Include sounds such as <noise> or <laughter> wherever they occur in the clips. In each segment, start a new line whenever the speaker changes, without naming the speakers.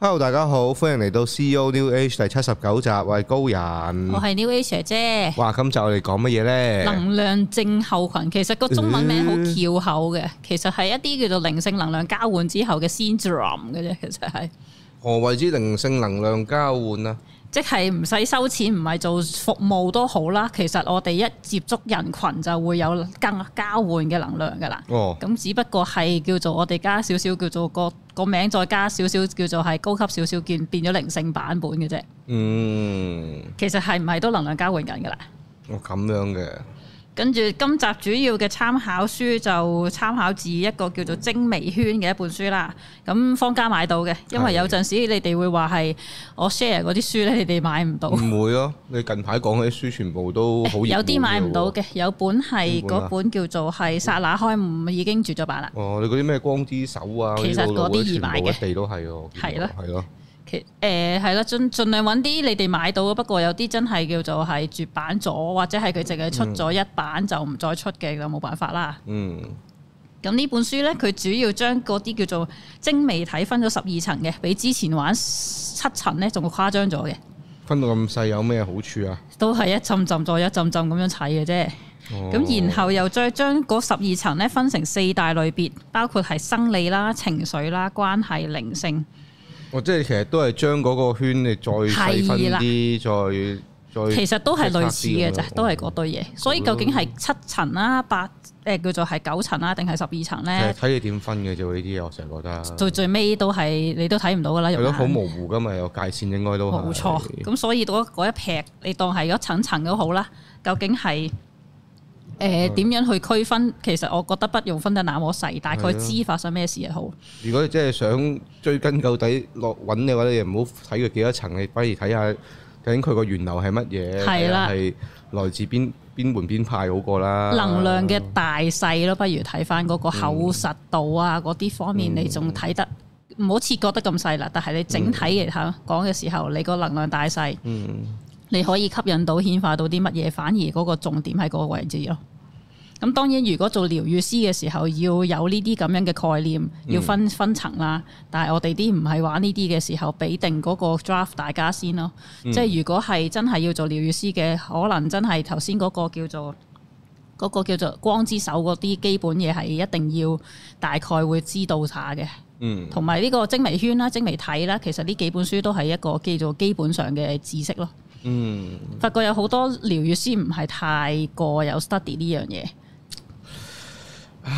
hello，大家好，歡迎嚟到 CEO New Age 第七十九集，我係高人，我
係 New Age 姐姐，
哇，今集我哋講乜嘢呢？能
量症候群，其實個中文名好翹口嘅，欸、其實係一啲叫做靈性能量交換之後嘅 syndrome 嘅啫，其實係
何謂之靈性能量交換啊？
即係唔使收錢，唔係做服務都好啦。其實我哋一接觸人群，就會有更交換嘅能量噶啦。哦，咁只不過係叫做我哋加少少叫做個個名，再加少少叫做係高級少少件，變咗靈性版本嘅啫。嗯，其實係唔係都能量交換緊噶啦？
哦，咁樣嘅。
跟住今集主要嘅參考書就參考自一個叫做《精微圈》嘅一本書啦。咁坊間買到嘅，因為有陣時你哋會話係我 share 嗰啲書咧，你哋買唔到。唔
會咯， <laughs> 你近排講嗰啲書全部都好、欸、有啲買唔到
嘅，有本係嗰本，啊、本叫做係《刹那開悟》，已經絕咗版啦。
哦，你嗰啲咩《光之手》啊？其實嗰啲易買嘅。一地都係喎。係咯。係咯的。
誒，係啦，盡、呃、盡量揾啲你哋買到，不過有啲真係叫做係絕版咗，或者係佢淨係出咗一版就唔再出嘅啦，冇辦法啦。
嗯。
咁呢本書咧，佢主要將嗰啲叫做精微體分咗十二層嘅，比之前玩七層咧仲誇張咗嘅。
分到咁細有咩好處啊？
都係一浸浸再一浸浸咁樣砌嘅啫。哦。咁然後又再將嗰十二層咧分成四大類別，包括係生理啦、情緒啦、關係、靈性。
我即係其實都係將嗰個圈你再細分啲的，再再其實都係類似嘅啫，都
係嗰堆嘢。哦、所以究竟係七層啦、啊、八誒、呃、叫做係九層啦、啊，定係十二層咧？睇
你點分嘅啫，呢啲嘢我成日覺得。
到最尾都係你都睇唔到噶啦，係咯，好模
糊噶嘛，有界綫應該都冇錯。咁
所以嗰一劈，你當係一層層都好啦。究竟係？誒點、呃、樣去區分？其實我覺得不用分得那麼細，大概知發生咩事又好。
如果你真係想追根究底落揾嘅話咧，你唔好睇佢幾多層，你反而睇下究竟佢個源流係乜嘢，係的來自邊邊門邊派好過啦。能量
嘅大細咯，不如睇翻嗰個厚實度啊，嗰啲、嗯、方面你仲睇得唔好切覺得咁細啦。但係你整體嚟講，講嘅、嗯、時候你個能量大細。嗯你可以吸引到顯化到啲乜嘢，反而嗰個重點喺嗰個位置咯。咁當然，如果做療愈師嘅時候，要有呢啲咁樣嘅概念，嗯、要分分層啦。但係我哋啲唔係玩呢啲嘅時候，俾定嗰個 draft 大家先咯。嗯、即係如果係真係要做療愈師嘅，可能真係頭先嗰個叫做嗰、嗰個、叫做光之手嗰啲基本嘢係一定要大概會知道下嘅。嗯。同埋呢個精微圈啦、精微體啦，其實呢幾本書都係一個叫做基本上嘅知識咯。嗯，發覺有好多療愈師唔係太過有 study 呢樣嘢。唉，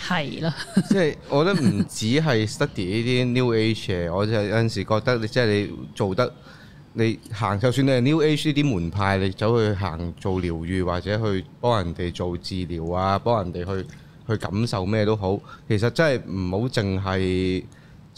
係啦，
即係我覺得唔止係 study 呢啲 new age 嘅，我就有陣時覺得，即係你做得你行，就算你係 new age 呢啲門派，你走去行做療愈或者去幫人哋做治療啊，幫人哋去去感受咩都好，其實真係唔好淨係。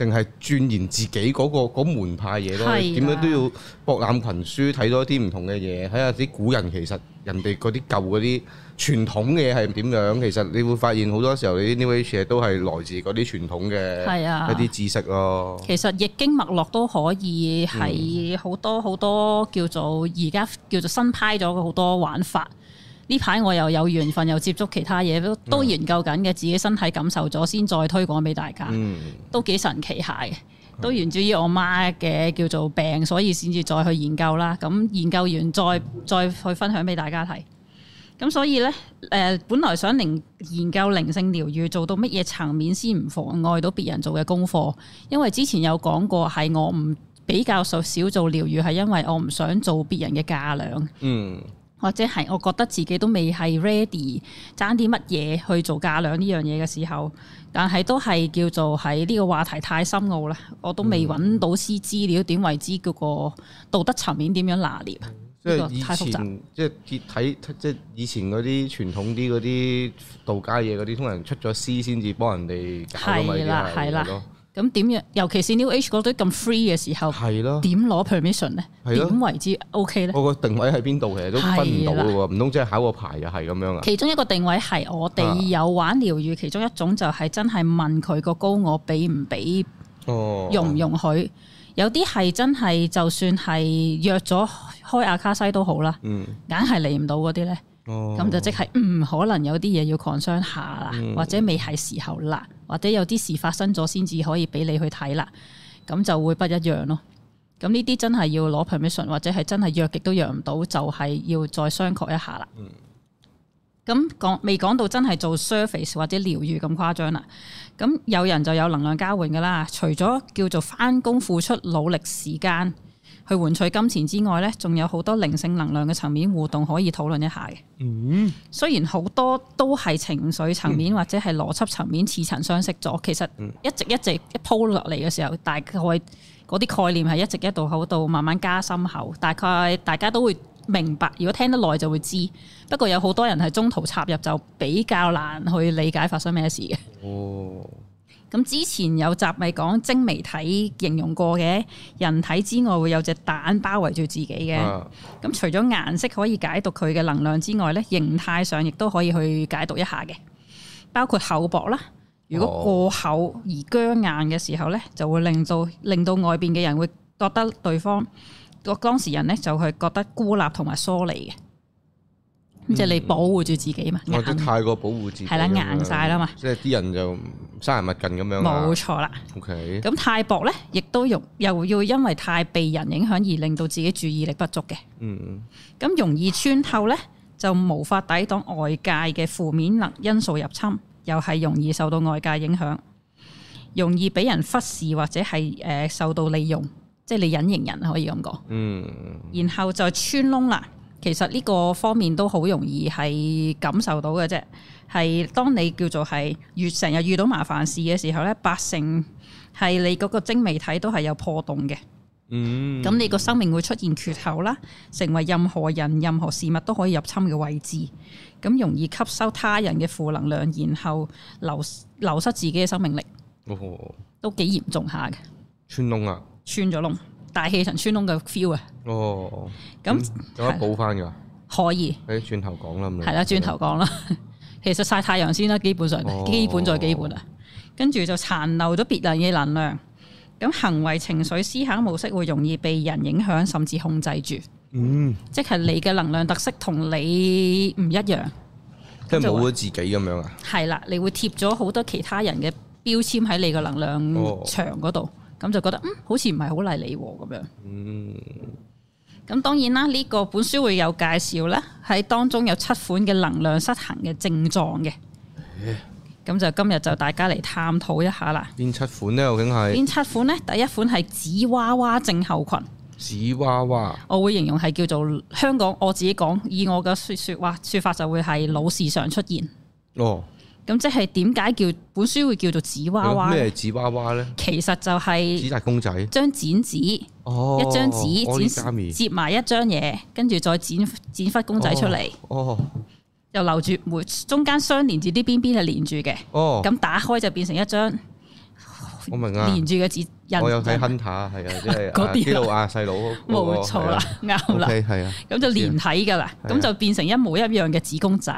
定係鑽研自己嗰個門派嘢咯，點的樣都要博覽群書，睇多啲唔同嘅嘢，睇下啲古人其實人哋嗰啲舊嗰啲傳統嘅嘢係點樣。其實你會發現好多時候啲 new age 都係來自嗰啲傳統嘅一啲知識咯。的
其實易經脈絡都可以係好多好多叫做而家叫做新派咗嘅好多玩法。呢排我又有緣分又接觸其他嘢都都研究緊嘅，自己身體感受咗先再推廣俾大家，都幾神奇下嘅。都源自於我媽嘅叫做病，所以先至再去研究啦。咁研究完再再去分享俾大家睇。咁所以呢，誒，本來想靈研究靈性療愈做到乜嘢層面先唔妨礙到別人做嘅功課，因為之前有講過係我唔比較少少做療愈，係因為我唔想做別人嘅架樑。嗯。或者係我覺得自己都未係 ready 爭啲乜嘢去做嫁倆呢樣嘢嘅時候，但係都係叫做喺呢個話題太深奧啦，我都未揾到啲資料，點為之嗰個道德層面點樣拿捏啊、嗯！即係以前
即係睇即係以前嗰啲傳統啲嗰啲道家嘢嗰啲，通常出咗師先至幫人哋解係啦係啦。的
咁點樣？尤其是 New Age 嗰堆咁 free 嘅時候，點攞 permission 咧？點的為之 OK 咧？我個定位喺邊度其實都分唔到喎，唔通即係考個牌又係咁樣啊？其中一個定位係我哋有玩療癒，啊、其中一種就係真係問佢個高我俾唔俾，
容唔容
許？哦、有啲係真係就算係約咗開阿卡西都好啦，硬係嚟唔到嗰啲咧。咁就、哦、即係，嗯，可能有啲嘢要創傷下啦，嗯、或者未係時候啦，或者有啲事發生咗先至可以俾你去睇啦，咁就會不一樣咯。咁呢啲真係要攞 permission，或者係真係約極都約唔到，就係、是、要再商榷一下啦。咁講未講到真係做 surface 或者療愈咁誇張啦。咁有人就有能量交換噶啦，除咗叫做返工付出努力時間去換取金錢之外咧，仲有好多靈性能量嘅層面互動可以討論一下嘅。嗯，雖然好多都係情緒層面或者係邏輯層面似曾相識咗，嗯、其實一直一直一鋪落嚟嘅時候，大概嗰啲概念係一直一度好到慢慢加深後，大概大家都會明白。如果聽得耐就會知，不過有好多人係中途插入就比較難去理解發生咩事嘅。哦。咁之前有集咪講精微體形容過嘅人體之外，會有隻蛋包圍住自己嘅。咁、啊、除咗顏色可以解讀佢嘅能量之外，咧形態上亦都可以去解讀一下嘅，包括厚薄啦。如果過厚而僵硬嘅時候咧，哦、就會令到令到外邊嘅人會覺得對方個當事人咧就係覺得孤立同埋疏離嘅。嗯、即係你保護住自己嘛，我哋、嗯硬哦、
太過保護自己，係啦硬晒啦嘛，即係啲人就生人勿近咁樣，冇錯啦。O K，咁
太薄咧，亦都容又要因為太被人影響而令到自己注意力不足嘅。嗯，咁容易穿透咧，就無法抵擋外界嘅負面能因素入侵，又係容易受到外界影響，容易俾人忽視或者係誒受到利用，即係你隱形人可以咁講。嗯，然後就穿窿啦。其實呢個方面都好容易係感受到嘅啫，係當你叫做係越成日遇到麻煩事嘅時候呢，八成係你嗰個精微體都係有破洞嘅，嗯，
咁你
個生命會出現缺口啦，成為任何人任何事物都可以入侵嘅位置，咁容易吸收他人嘅負能量，然後流流失自己嘅生命力，
哦哦，
都幾嚴重下嘅穿窿啊，穿咗窿。大氣層穿窿嘅 feel 啊！哦，
咁那、嗯、有得補翻噶？可以。誒、欸，轉頭講啦，咁係啦，轉、啊、頭講啦。
其實曬太陽先啦、啊，基本上，哦、基本再基本啊。跟住就殘留咗別人嘅能量，咁行為、情緒、思考模式會容易被人影響，甚至控制住。
嗯。
即係你嘅能量特色同你唔一樣，嗯、即係冇咗
自己咁樣啊？
係啦、啊，你會貼咗好多其他人嘅標籤喺你嘅能量牆嗰度。哦咁就覺得嗯，好似唔係好理你喎咁樣。嗯。咁當然啦，呢個本書會有介紹呢，喺當中有七款嘅能量失衡嘅症狀嘅。咁、欸、就今日就大家嚟探討一下啦。
邊七款呢？究竟係？邊
七款呢？第一款係紙娃娃症候群。
紙娃娃。
我會形容係叫做香港我自己講，以我嘅説説話説法就會係老時常出現。哦。咁即係點解叫本書會叫做紙娃娃？咩
紙娃娃咧？其實就係紙紮公仔，
將剪紙、oh, 一張紙剪接埋一張嘢，跟住再剪剪翻公仔出嚟，
哦、oh, oh.，
又留住每中間相連住啲邊邊係連住嘅。哦，咁打開就變成一張。我明啊，連住嘅字，我有睇
hunter 啊，係啊，即係基佬啊，細佬，冇錯啦，啱啦，係啊，咁就連體
噶啦，咁就變成一模一樣嘅紙公仔，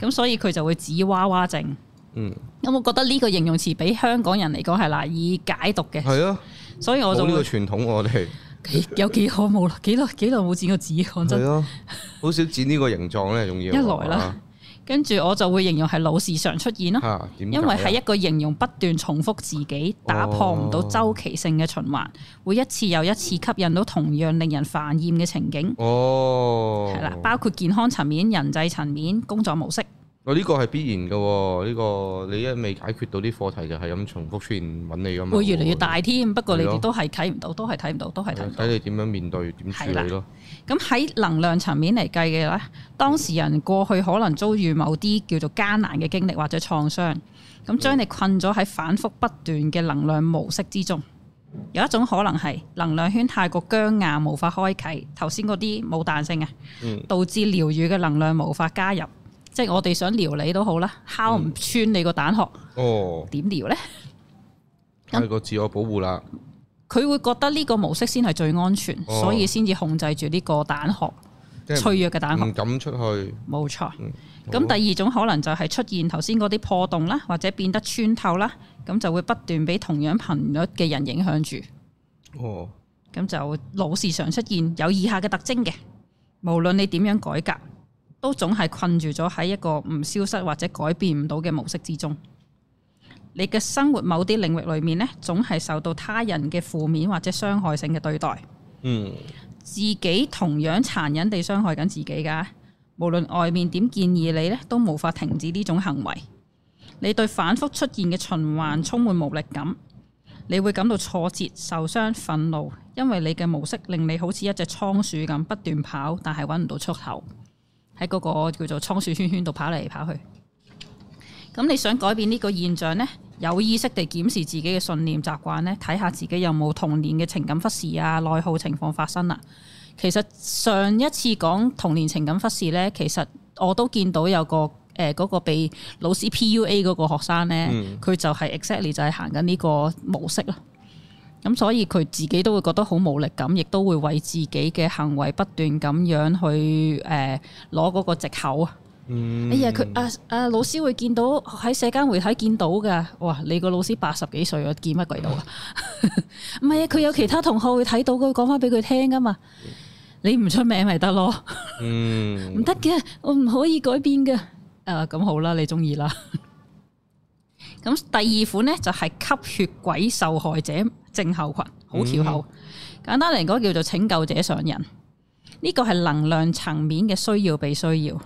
咁所以佢就會紙娃娃症，咁我覺得呢個形容詞俾香港人嚟講係難以解讀嘅，係啊。所以我做呢個
傳統我哋，幾有幾可
冇啦，幾多幾耐冇剪過紙，講真，係
好少剪呢個形狀咧，容易。一來啦。
跟住我就會形容係老時常出現囉，啊啊、因為係一個形容不斷重複自己，打破唔到周期性嘅循環，哦、會一次又一次吸引到同樣令人煩厭嘅情景。
係啦、哦，包
括健康層面、人際層面、工作模式。
呢、哦，這個係必然嘅喎、哦，呢、這個你一未解決到啲課題，就係咁重複出現揾你吖嘛。會越嚟越大添，不過你哋都係
睇唔到，的都係睇唔到，都係睇唔到。睇
你點樣面對，點處理咯。
咁喺的能量層面嚟計嘅咧，當事人過去可能遭遇某啲叫做艱難嘅經歷或者創傷，咁將你困咗喺反覆不斷嘅能量模式之中。有一種可能係能量圈太過僵硬，無法開啟。頭先嗰啲冇彈性啊，導致療愈嘅能量無法加入。即係我哋想撩你都好啦，敲唔穿你個蛋殼。嗯，哦，點撩呢？係個自我保護啦，佢會覺得呢個模式先係最安全，哦，所以先至控制住呢個蛋殼，脆弱嘅蛋殼，唔
敢出去。冇錯。咁，嗯、第二
種可能就係出現頭先嗰啲破洞啦，或者變得穿透啦，咁就會不斷俾同樣頻率嘅人影響住。哦。咁就老時常出現有以下嘅特徵嘅，無論你點樣改革都總係困住咗喺一個唔消失或者改變唔到嘅模式之中。你嘅生活某啲領域裏面呢，總係受到他人嘅負面或者傷害性嘅對待。自己同樣殘忍地傷害緊自己㗎。無論外面點建議你呢，都無法停止呢種行為。你對反覆出現嘅循環充滿無力感，你會感到挫折、受傷、憤怒，因為你嘅模式令你好似一隻倉鼠咁不斷跑，但係揾唔到出口。喺嗰個叫做倉鼠圈圈度跑嚟跑去，咁你想改變呢個現象呢？有意識地檢視自己嘅信念習慣呢？睇下自己有冇童年嘅情感忽視啊、內耗情況發生啦、啊。其實上一次講童年情感忽視呢，其實我都見到有個誒嗰、呃嗰個被老師 PUA 嗰個學生呢，佢、嗯、就係 exactly 就係行緊呢個模式咯。咁所以佢自己都會覺得好無力感，亦都會為自己嘅行為不斷咁樣去誒攞嗰個藉口啊！嗯、哎呀，佢啊啊老師會見到喺社交媒體見到噶，哇！你個老師八十幾歲，我見乜鬼到啊？唔係啊，佢 <laughs> 有其他同學會睇到，佢講翻俾佢聽噶嘛。嗯、你唔出名咪得咯？
唔
得嘅，我唔可以改變嘅。誒、啊、咁好啦，你中意啦。咁第二款呢，就係吸血鬼受害者症候群，好跳口，簡單嚟講叫做拯救者上人。呢個係能量層面嘅需要被需要。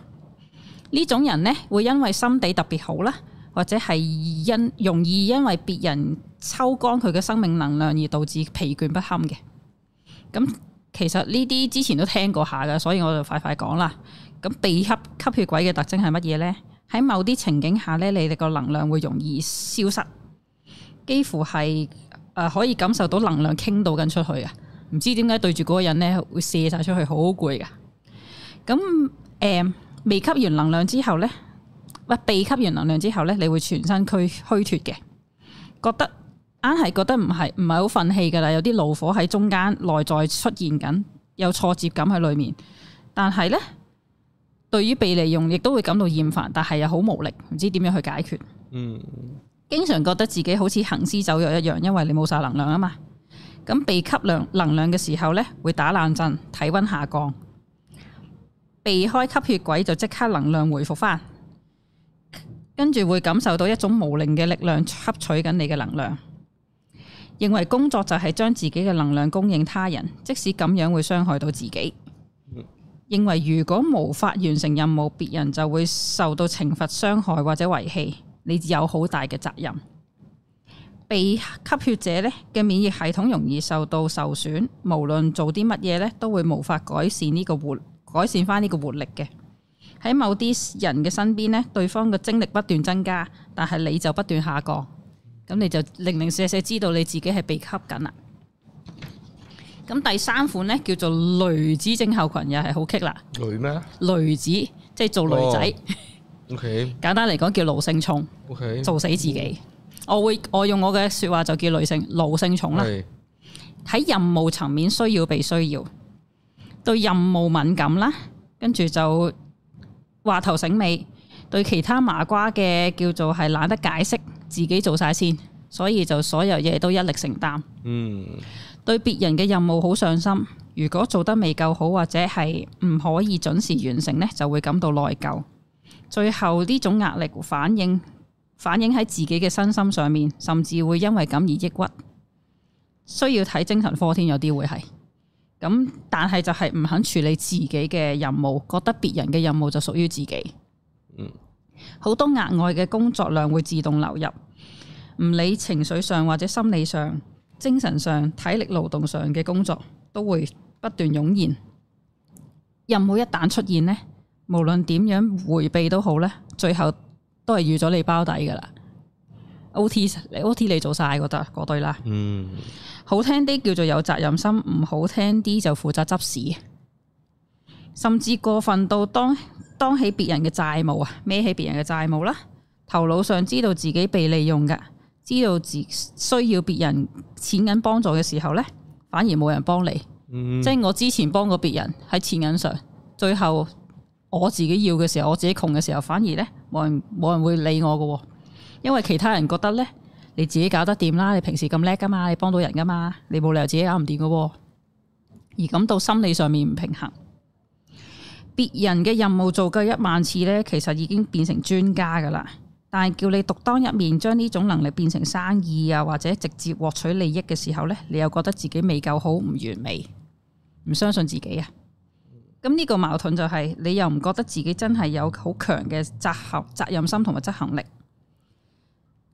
呢種人呢，會因為心地特別好啦，或者係因容易因為別人抽乾佢嘅生命能量而導致疲倦不堪嘅。咁其實呢啲之前都聽過下噶，所以我就快快講啦。咁被吸吸血鬼嘅特徵係乜嘢呢？喺某啲情景下咧，你哋個能量會容易消失，幾乎係誒、呃、可以感受到能量傾倒緊出去啊！唔知點解對住嗰個人咧，會射晒出去，好攰噶。咁誒、呃、未吸完能量之後咧，或、呃、被吸完能量之後咧，你會全身區虛脱嘅，覺得啱係覺得唔係唔係好憤氣噶啦，有啲怒火喺中間內在出現緊，有挫折感喺裏面，但係咧。對於被利用，亦都會感到厭煩，但係又好無力，唔知點樣去解決。嗯，經常覺得自己好似行屍走肉一樣，因為你冇晒能量啊嘛。咁被吸量能量嘅時候呢，會打冷震，體溫下降。避開吸血鬼就即刻能量回復返，跟住會感受到一種無靈嘅力量吸取緊你嘅能量，認為工作就係將自己嘅能量供應他人，即使咁樣會傷害到自己。認為如果無法完成任務，別人就會受到懲罰、傷害或者遺棄，你有好大嘅責任。被吸血者咧嘅免疫系統容易受到受損，無論做啲乜嘢咧，都會無法改善呢個活改善翻呢個活力嘅。喺某啲人嘅身邊咧，對方嘅精力不斷增加，但係你就不斷下降，咁你就零零舍舍知道你自己係被吸緊啦。咁第三款咧叫做雷子症候群，又係好棘啦。雷咩嗎？雷子即係做雷仔。O K。簡單嚟講叫奴性重。O
K。做死自己，
我會我用我嘅說話就叫奴性奴性重啦。喺是任務層面需要被需要，對任務敏感啦，跟住就話頭醒尾，對其他麻瓜嘅叫做係懶得解釋，自己做晒先，所以就所有嘢都一力承擔。嗯。對別人嘅任務好上心，如果做得未夠好或者係唔可以準時完成呢，就會感到內疚。最後呢種壓力反映反映喺自己嘅身心上面，甚至會因為咁而抑鬱，需要睇精神科添，有啲會係。咁但係就係唔肯處理自己嘅任務，覺得別人嘅任務就屬於自己。嗯，好多額外嘅工作量會自動流入，唔理情緒上或者心理上。精神上、體力勞動上嘅工作都會不斷湧現，任何一旦出現呢，無論點樣迴避都好咧，最後都係預咗你包底噶啦。O T O T 你做曬嗰得嗰堆啦。嗯，好聽啲叫做有責任心，唔好聽啲就負責執屎，甚至過分到當當起別人嘅債務啊，孭起別人嘅債務啦。頭腦上知道自己被利用嘅。知道自需要別人錢銀幫助嘅時候呢，反而冇人幫你。嗯、即係我之前幫過別人喺錢銀上，最後我自己要嘅時候，我自己窮嘅時候，反而呢，冇人冇人會理我㗎。因為其他人覺得呢，你自己搞得掂啦，你平時咁叻噶嘛，你幫到人噶嘛，你冇理由自己搞唔掂噶。而感到心理上面唔平衡，別人嘅任務做夠一萬次呢，其實已經變成專家噶啦。但係叫你獨當一面，將呢種能力變成生意啊，或者直接獲取利益嘅時候呢，你又覺得自己未夠好，唔完美，唔相信自己啊。咁呢個矛盾就係，你又唔覺得自己真係有好強嘅執行責任心同埋執行力，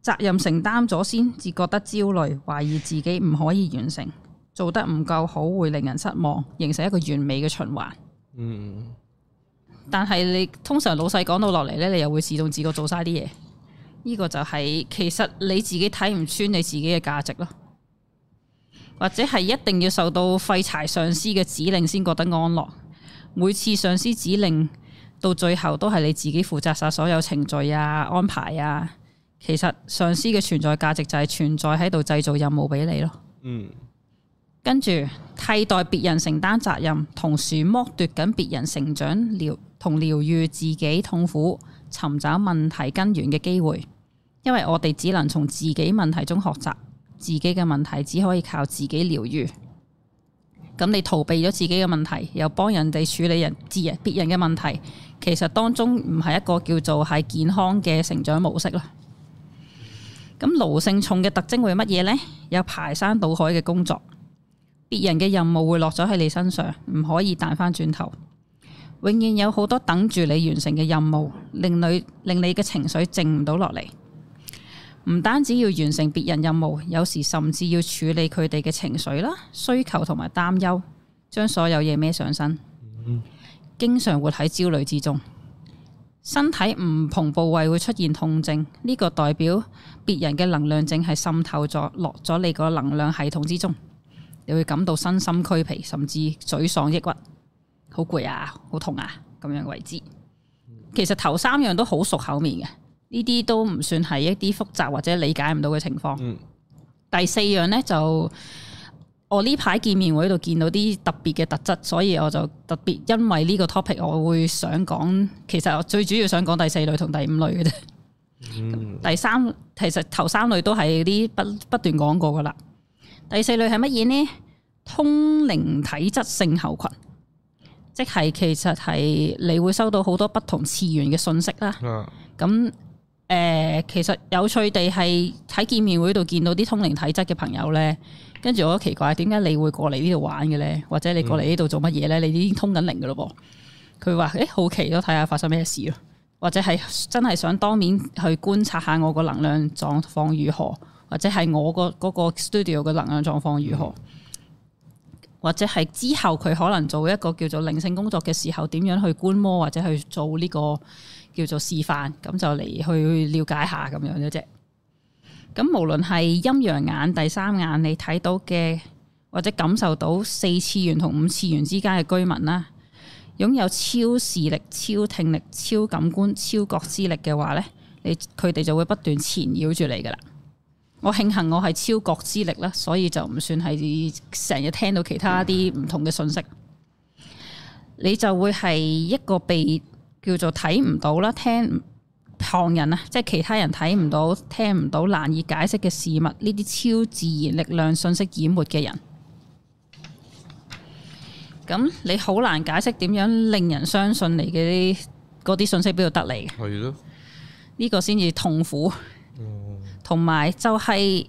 責任承擔咗先至覺得焦慮，懷疑自己唔可以完成，做得唔夠好會令人失望，形成一個完美嘅循環。嗯，但係你通常老細講到落嚟呢，你又會自動自覺做晒啲嘢。呢個就係其實你自己睇唔穿你自己嘅價值咯，或者係一定要受到廢柴上司嘅指令先覺得安樂。每次上司指令到最後都係你自己負責晒所有程序啊、安排啊。其實上司嘅存在價值就係存在喺度製造任務俾你咯。嗯，跟住替代別人承擔責任，同時剝奪緊別人成長療同療癒自己痛苦，尋找問題根源嘅機會，因為我哋只能從自己問題中學習，自己嘅問題只可以靠自己療癒。咁你逃避咗自己嘅問題，又幫人哋處理人、自人、別人嘅問題，其實當中唔係一個叫做係健康嘅成長模式啦。咁勞性重嘅特徵會係乜嘢呢？有排山倒海嘅工作，別人嘅任務會落咗喺你身上，唔可以彈翻轉頭。永遠有好多等住你完成嘅任務，令你令你嘅情緒靜唔到落嚟。唔單止要完成別人任務，有時甚至要處理佢哋嘅情緒啦、需求同埋擔憂，將所有嘢孭上身，經常活喺焦慮之中。身體唔同部位會出現痛症，呢個代表別人嘅能量淨係滲透咗落咗你個能量系統之中，你會感到身心俱疲，甚至沮喪抑鬱。好攰啊，好痛啊，咁樣嘅位置。其實頭三樣都好熟口面嘅，呢啲都唔算係一啲複雜或者理解唔到嘅情況。嗯、第四樣呢，就，我呢排見面會度見到啲特別嘅特質，所以我就特別因為呢個 topic，我會想講，其實我最主要想講第四類同第五類嘅啫。嗯、第三其實頭三類都係啲不不斷講過噶啦，第四類係乜嘢呢？通靈體質症候群。即係，其實係你會收到好多不同次元嘅信息啦。咁誒、啊呃，其實有趣地係喺見面會度見到啲通靈體質嘅朋友咧，跟住我好奇怪，點解你會過嚟呢度玩嘅咧？或者你過嚟呢度做乜嘢咧？你已經通緊靈嘅咯噃。佢話誒，好奇咯，都睇下發生咩事咯。或者係真係想當面去觀察下我個能量狀況如何，或者係我個個 studio 嘅能量狀況如何。嗯或者係之後佢可能做一個叫做靈性工作嘅時候，點樣去觀摩或者去做呢個叫做示範，咁就嚟去了解下咁樣嘅啫。咁無論係陰陽眼、第三眼你，你睇到嘅或者感受到四次元同五次元之間嘅居民啦，擁有超視力、超聽力、超感官、超覺知力嘅話咧，你佢哋就會不斷纏繞住你噶啦。我慶幸我係超覺之力啦，所以就唔算係成日聽到其他啲唔同嘅信息，你就會係一個被叫做睇唔到啦、聽旁人啊，即係其他人睇唔到、聽唔到、難以解釋嘅事物，呢啲超自然力量信息淹沒嘅人，咁你好難解釋點樣令人相信你嘅啲嗰啲信息邊度得嚟？係咯。呢個先至痛苦。同埋就係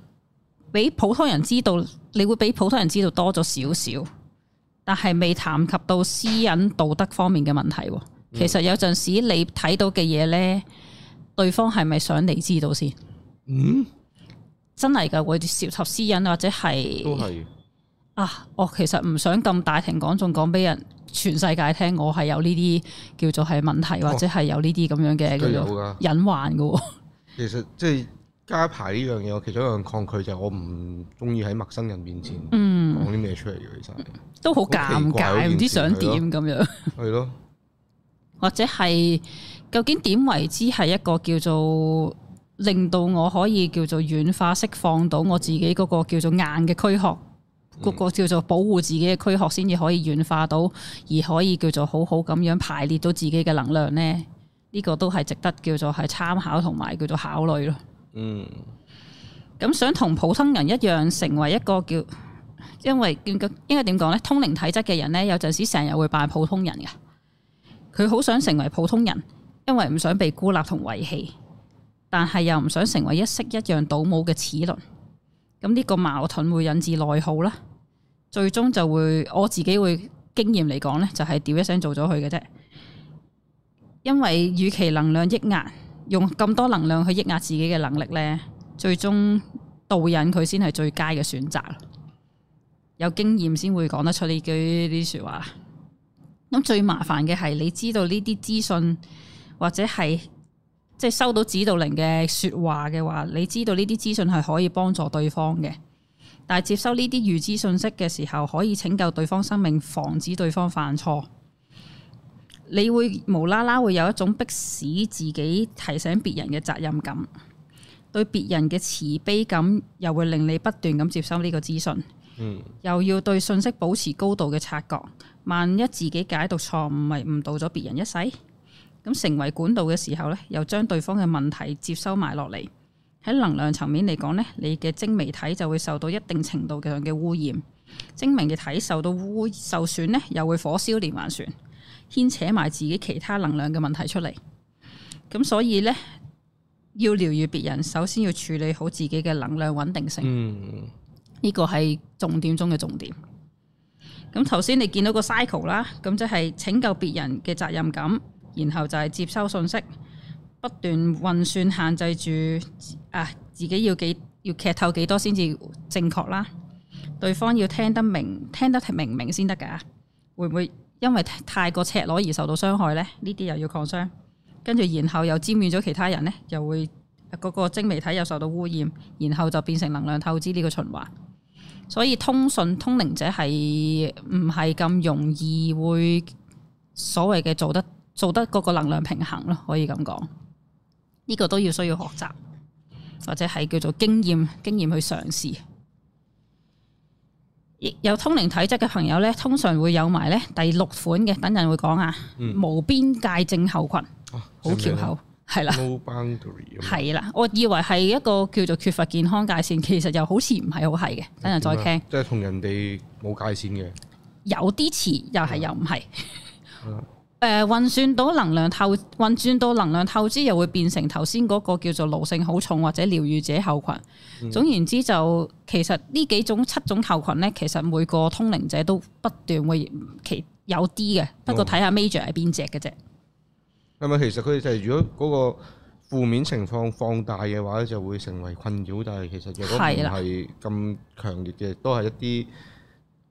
俾普通人知道，你會俾普通人知道多咗少少，但係未談及到私隱道德方面嘅問題。其實有陣時你睇到嘅嘢呢，對方係咪想你知道先？
嗯，
真係噶會涉及私隱，或者係都係啊。我、哦、其實唔想咁大庭廣眾講俾人全世界聽，我係有呢啲叫做係問題，或者係有呢啲咁樣嘅叫做隱患噶。
其實即係。就是加排呢樣嘢，我其中一樣抗拒就係我唔中意喺陌生人面前，講啲咩出嚟嘅。其實都好尷尬，唔知想點咁樣。係咯樣，
了或者係究竟點為之係一個叫做令到我可以叫做軟化釋放到我自己嗰個叫做硬嘅軀殼，嗰、嗯、個叫做保護自己嘅軀殼，先至可以軟化到，而可以叫做好好咁樣排列到自己嘅能量呢？呢、這個都係值得叫做係參考同埋叫做考慮咯。嗯，咁想同普通人一樣成為一個叫，因為叫個應該點講呢，通靈體質嘅人呢，有陣時成日會扮普通人嘅，佢好想成為普通人，因為唔想被孤立同遺棄，但係又唔想成為一式一樣倒模嘅齒輪，咁呢個矛盾會引致內耗啦，最終就會我自己會經驗嚟講呢，就係、是、屌一聲做咗佢嘅啫，因為與其能量抑壓。用咁多能量去抑壓自己嘅能力呢，最終導引佢先係最佳嘅選擇。有經驗先會講得出呢句啲說話。咁最麻煩嘅係，你知道呢啲資訊或者係即係收到指導靈嘅說話嘅話，你知道呢啲資訊係可以幫助對方嘅，但係接收呢啲預知信息嘅時候，可以拯救對方生命，防止對方犯錯。你會無啦啦會有一種迫使自己提醒別人嘅責任感，對別人嘅慈悲感，又會令你不斷咁接收呢個資訊，又要對信息保持高度嘅察覺。萬一自己解讀錯誤，係誤導咗別人一世。咁成為管道嘅時候呢，又將對方嘅問題接收埋落嚟。喺能量層面嚟講呢，你嘅精微體就會受到一定程度上嘅污染。精明嘅體受到污受損呢，又會火燒連環船。牽扯埋自己其他能量嘅問題出嚟，咁所以咧，要療癒別人，首先要處理好自己嘅能量穩定性，嗯，呢個係重點中嘅重點。咁頭先你見到個 cycle 啦，咁即係拯救別人嘅責任感，然後就係接收信息，不斷運算，限制住啊自己要幾要劇透幾多先至正確啦。對方要聽得明，聽得明唔明先得噶？會唔會？因為太過赤裸而受到傷害咧，呢啲又要擴傷，跟住然後又沾染咗其他人咧，又會個個精微體又受到污染，然後就變成能量透支呢個循環。所以通訊通靈者係唔係咁容易會所謂嘅做得做得個個能量平衡咯？可以咁講，呢個都要需要學習，或者係叫做經驗經驗去嘗試。有通靈體質嘅朋友呢，通常會有埋呢第六款嘅，等陣會講啊。嗯、無邊界症候群，好橋口，係啦，係 No
boundary
啦，嗯、我以為係一個叫做缺乏健康界線，其實又好似唔係好係嘅，等陣再傾，
啊。即係同人哋冇界線嘅，
有啲似又係又唔係。啊啊誒、呃、運算到能量透，運算到能量透支又會變成頭先嗰個叫做奴性好重或者療愈者後群。嗯、總言之就其實呢幾種七種後群咧，其實每個通靈者都不斷會其有啲嘅，不過睇下 Major 係邊隻嘅啫。
係咪？嗯、其實佢哋就係如果嗰個負面情況放大嘅話咧，就會成為困擾。但係其實如果唔係咁強烈嘅，的都係一啲。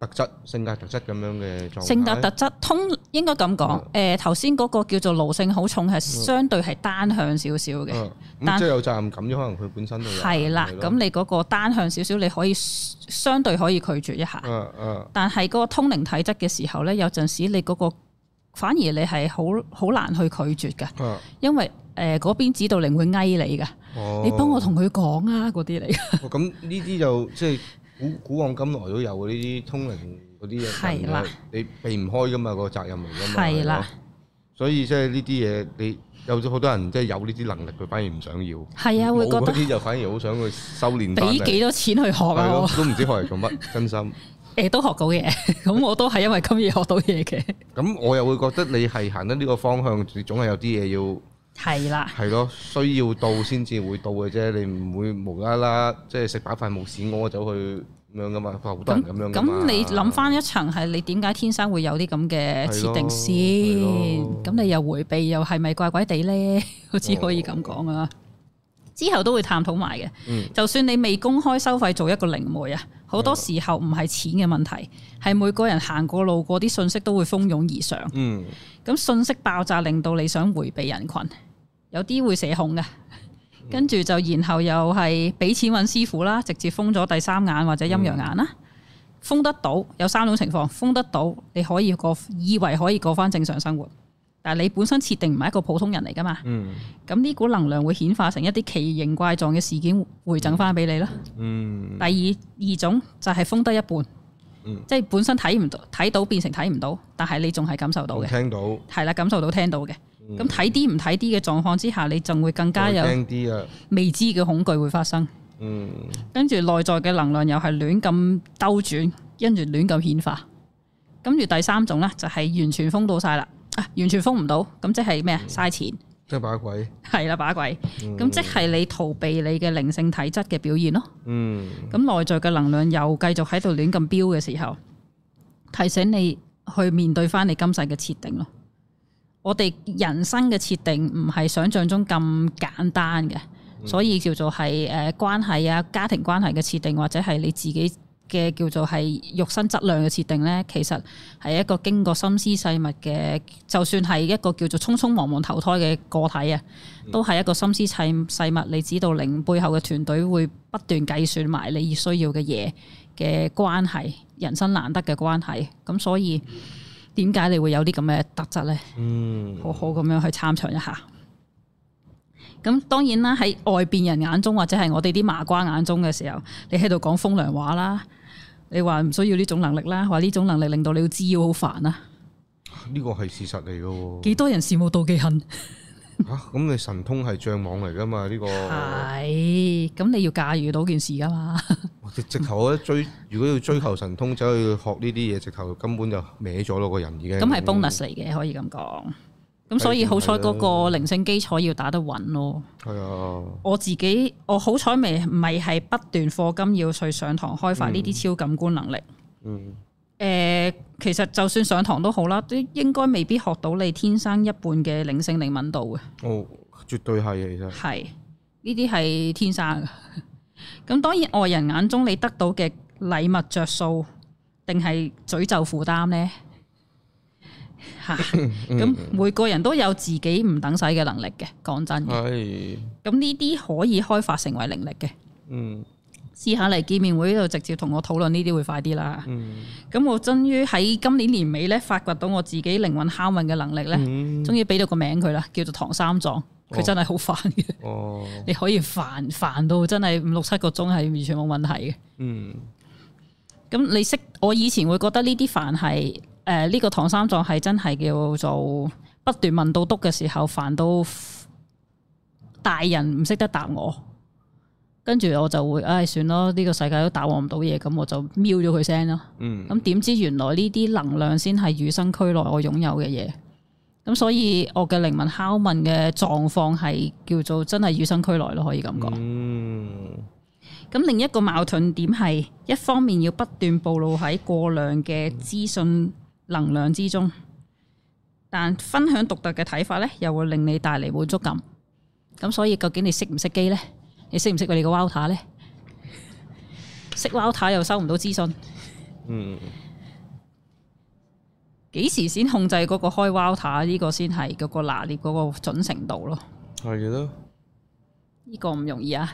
特質性格特質咁樣嘅狀態，性格特質
通應該咁講。誒頭先嗰個叫做勞性好重，係相對係單向少少嘅。咁、嗯、但即有
責任感，可能佢本身都有。係啦，咁
你嗰個單向少少，你可以相對可以拒絕一下。嗯嗯、但係嗰個通靈體質嘅時候咧，有陣時你嗰個反而你係好好難去拒絕嘅。嗯、因為誒嗰、呃、邊指導靈會翳你嘅，哇你幫我同佢講啊嗰啲嚟。
咁呢啲就即係。古古往今來都有呢啲通靈嗰啲嘢，係啦的的，你避唔開㗎嘛，個責任嚟㗎嘛，係啦，所以即係呢啲嘢，你有咗好多人即係有呢啲能力，佢反而唔想要。係啊，會覺得嗰啲就反而好想去修練翻。俾幾多
錢去學啊？
都唔知學嚟做乜， <laughs> 真心。
誒、欸，都學到嘢，咁我都係因為今日學到嘢嘅。
咁 <laughs> 我又會覺得你係行緊呢個方向，你總係有啲嘢要。係啦，係咯，需要到先至會到嘅啫， <laughs> 你唔會無啦啦即係食飽飯冇屎屙走去咁樣噶嘛，好多人咁樣，咁你諗
翻一層係你點解天生會有啲咁嘅設定先？咁你又回避又係咪怪怪地咧？ <laughs> 好似可以咁講啊！哦、之後都會探討埋嘅，嗯、就算你未公開收費做一個靈媒啊。好多時候唔係錢嘅問題，係每個人行過路過啲信息都會蜂擁而上。咁信息爆炸令到你想迴避人群，有啲會社恐㗎，跟住就然後又係俾錢揾師傅啦，直接封咗第三眼或者陰陽眼啦。封得到有三種情況，封得到你可以過以為可以過返正常生活。但係你本身設定唔係一個普通人嚟㗎嘛？嗯。咁呢股能量會顯化成一啲奇形怪狀嘅事件回贈返俾你咯。嗯。第二二種就係封得一半。嗯。即係本身睇唔到，睇到變成睇唔到，但係你仲係感受到嘅。聽到。係啦，感受到聽到嘅。嗯。咁睇啲唔睇啲嘅狀況之下，你仲會更加有未知嘅恐懼會發生。嗯。跟住內在嘅能量又係亂咁兜轉，因住亂咁顯化。跟住第三種咧，就係完全封到晒啦。啊、完全封唔到，咁即係咩啊？嘥錢，即係把鬼，係啦，把鬼。咁、嗯、即係你逃避你嘅靈性體質嘅表現咯。嗯。咁內在嘅能量又繼續喺度亂咁飆嘅時候，提醒你去面對翻你今世嘅設定咯。我哋人生嘅設定唔係想象中咁簡單嘅，所以叫做係誒關係啊、家庭關係嘅設定，或者係你自己。嘅叫做係肉身質量嘅設定咧，其實係一個經過心思細密嘅，就算係一個叫做匆匆忙忙投胎嘅個體啊，都係一個心思細細密。你知道，令背後嘅團隊會不斷計算埋你需要嘅嘢嘅關係，人生難得嘅關係。咁所以，點解你會有啲咁嘅特質咧？
嗯，
好好咁樣去參詳一下。咁當然啦，喺外邊人眼中或者係我哋啲麻瓜眼中嘅時候，你喺度講風涼話啦。你話唔需要呢種能力啦，話呢種能力令到你要知要好煩啊。
呢個係事實嚟噶喎，幾多
人羨慕妒忌恨？
吓 <laughs> 咁、啊、你神通係障網嚟噶嘛？呢、這個係，
咁你要駕馭到件事噶嘛？
<laughs> 直頭我追，如果要追求神通，走去學呢啲嘢，直頭根本就歪咗咯，個人已經咁係 bonus
嚟嘅，可以咁講。
咁所以好彩嗰個
靈性基礎要打得穩咯。係啊，我自己我好彩未咪係不斷課金，要去上堂開發呢啲超感官能力。嗯，誒、嗯呃，其實就算上堂都好啦，都應該未必學到你天生一半嘅靈性靈敏度
嘅。哦，絕對係，其實
係呢啲係天生。咁 <laughs> 當然外人眼中你得到嘅禮物着數，定係詛咒負擔呢？吓，咁每個人都有自己唔等使嘅能力嘅，講真。嘅，咁呢啲可以開發成為靈力嘅。嗯，試下嚟見面會度直接同我討論呢啲會快啲啦。咁、嗯、我終於喺今年年尾咧發掘到我自己靈魂敲運嘅能力咧，終於俾到個名佢啦，叫做唐三藏。佢真係好煩嘅。哦，煩哦你可以煩煩到真係五六七個鐘係完全冇問題嘅。嗯，咁、嗯、你識我以前會覺得呢啲煩係。誒，呢個唐三藏係真係叫做不斷問到篤嘅時候，煩到大人唔識得答我，跟住我就會，唉，算咯，呢個世界都打我唔到嘢，咁我就喵咗佢聲咯。嗯。咁點知原來呢啲能量先係與生俱來我擁有嘅嘢，咁所以我嘅靈魂拷問嘅狀況係叫做真係與生俱來咯，可以咁講。嗯。咁另一個矛盾點係，一方面要不斷暴露喺過量嘅資訊能量之中，但分享獨特嘅睇法咧，又會令你帶嚟滿足感。咁所以究竟你識唔識機咧？你識唔識你個 walta 咧？ <laughs> 識 walta 又收唔到資訊。 <laughs> 嗯嗯，幾時先控制嗰個開 walta？呢個先係嗰個拿捏嗰個準程度咯。
係咯的。
呢個唔容易啊！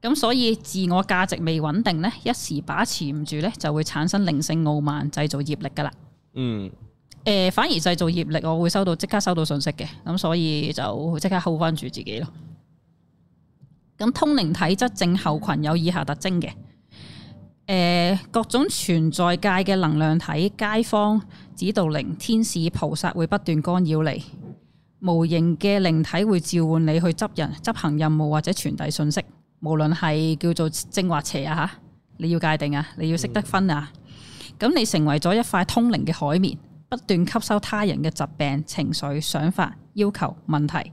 咁所以自我價值未穩定呢，一時把持唔住呢，就會產生靈性傲慢，製造業力噶啦。嗯，誒、呃，反而製造業力，我會收到即刻收到信息嘅。咁所以就即刻 hold 翻住自己咯。咁通靈體質症候群有以下特徵嘅，誒、呃，各種存在界嘅能量體、街坊、指導靈、天使、菩薩會不斷干擾你，無形嘅靈體會召喚你去執人執行任務或者傳遞信息。無論係叫做正或邪啊吓，你要界定啊，你要識得分啊。咁、嗯、你成為咗一塊通靈嘅海綿，不斷吸收他人嘅疾病、情緒、想法、要求、問題。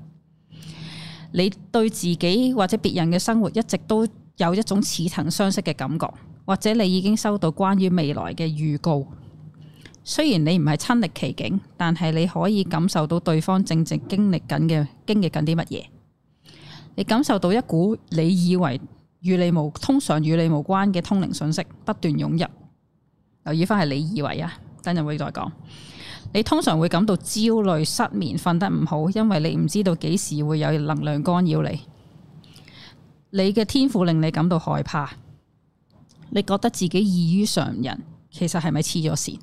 你對自己或者別人嘅生活一直都有一種似曾相識嘅感覺，或者你已經收到關於未來嘅預告。雖然你唔係親歷其境，但係你可以感受到對方正正經歷緊嘅，經歷緊啲乜嘢。你感受到一股你以為與你無通常與你無關嘅通靈信息不斷湧入，留意翻係你以為啊，等陣會再講。你通常會感到焦慮、失眠、瞓得唔好，因為你唔知道幾時會有能量干擾你。你嘅天賦令你感到害怕，你覺得自己異於常人，其實係咪黐咗綫？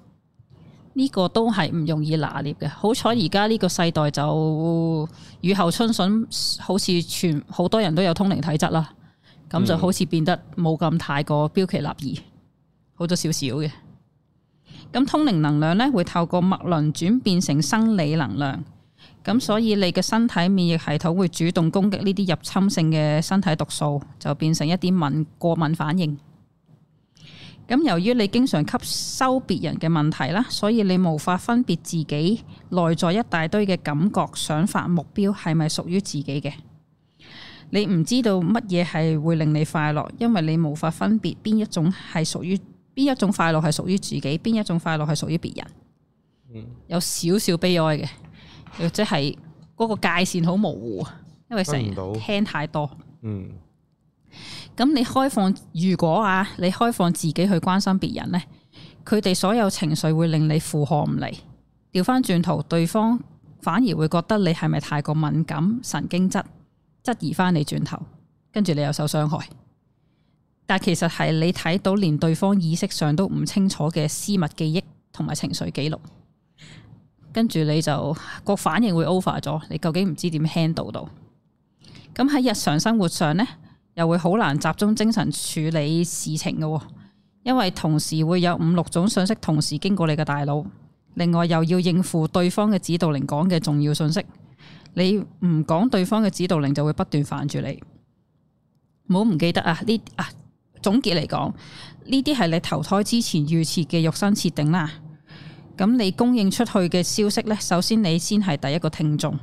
呢個都係唔容易拿捏嘅，好彩而家呢個世代就雨後春筍，好似全好多人都有通靈體質啦，咁就好似變得冇咁太過標奇立異，好咗少少嘅。咁通靈能量呢，會透過脈輪轉變成生理能量，咁所以你嘅身體免疫系統會主動攻擊呢啲入侵性嘅身體毒素，就變成一啲敏過敏反應。咁由於你經常吸收別人嘅問題啦，所以你無法分別自己內在一大堆嘅感覺、想法、目標係咪屬於自己嘅？你唔知道乜嘢係會令你快樂，因為你無法分別邊一種係屬於邊一種快樂係屬於自己，邊一種快樂係屬於別人。有少少悲哀嘅，或者係嗰個界線好模糊，因為成日聽太多。咁你開放如果啊，你開放自己去關心別人呢，佢哋所有情緒會令你負荷唔嚟，調翻轉頭，對方反而會覺得你係咪太過敏感、神經質，質疑翻你轉頭，跟住你又受傷害。但其實係你睇到連對方意識上都唔清楚嘅私密記憶同埋情緒記錄，跟住你就、個反應會 over 咗，你究竟唔知點 handle 到。咁喺日常生活上呢。又會好難集中精神處理事情嘅，因為同時會有五六種信息同時經過你嘅大腦，另外又要應付對方嘅指導靈講嘅重要信息。你唔講對方嘅指導靈就會不斷煩住你。唔好唔記得啊！呢啊總結嚟講，呢啲係你投胎之前預設嘅肉身設定啦。咁你供應出去嘅消息呢，首先你先係第一個聽眾。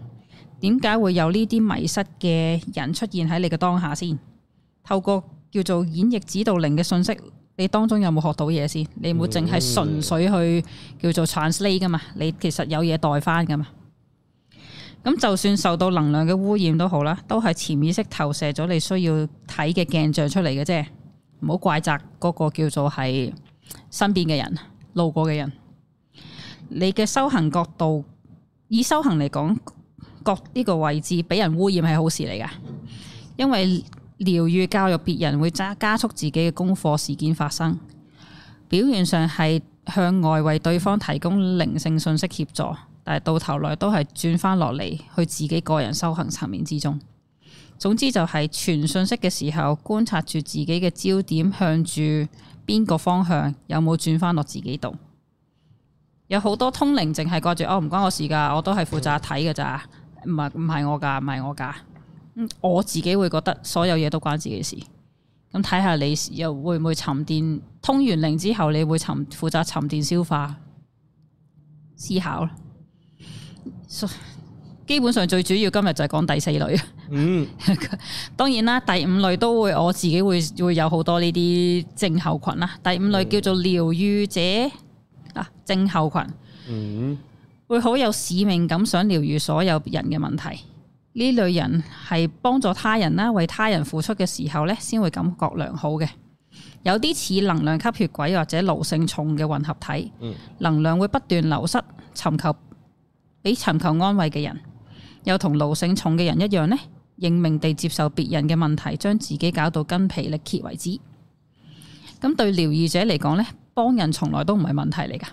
點解會有呢啲迷失嘅人出現喺你嘅當下先？透過叫做演繹指導靈嘅信息，你當中有冇學到嘢先？你冇淨係純粹去叫做 translate 噶嘛？你其實有嘢代翻噶嘛？咁就算受到能量嘅污染都好啦，都係潛意識投射咗你需要睇嘅鏡像出嚟嘅啫，唔好怪責嗰個叫做係身邊嘅人、路過嘅人。你嘅修行角度，以修行嚟講，各呢個位置俾人污染係好事嚟噶，因為。療癒教育別人會加速自己嘅功課事件發生，表現上係向外為對方提供靈性信息協助，但係到頭來都係轉返落嚟，去自己個人修行層面之中。總之就係傳信息嘅時候，觀察住自己嘅焦點向住邊個方向有有轉，有冇轉返落自己度？有好多通靈淨係掛住哦，唔關我事㗎，我都係負責睇㗎咋，唔係唔係我㗎，唔係我㗎。我自己會覺得所有嘢都關自己事，咁睇下你又會唔會沉澱？通完靈之後，你會沉負責沉澱消化思考咯。So, 基本上最主要今日就係講第四類。嗯， <laughs> 當然啦，第五類都會我自己會會有好多呢啲症候群啦。第五類叫做療癒者、嗯、啊症候群，嗯，會好有使命感，想療癒所有人嘅問題。呢類人係幫助他人啦，為他人付出嘅時候呢，先會感覺良好嘅。有啲似能量吸血鬼或者奴性重嘅混合體，能量會不斷流失，尋求俾尋求安慰嘅人，又同奴性重嘅人一樣呢，認命地接受別人嘅問題，將自己搞到筋疲力竭為止。咁對療癒者嚟講呢，幫人從來都唔係問題嚟噶，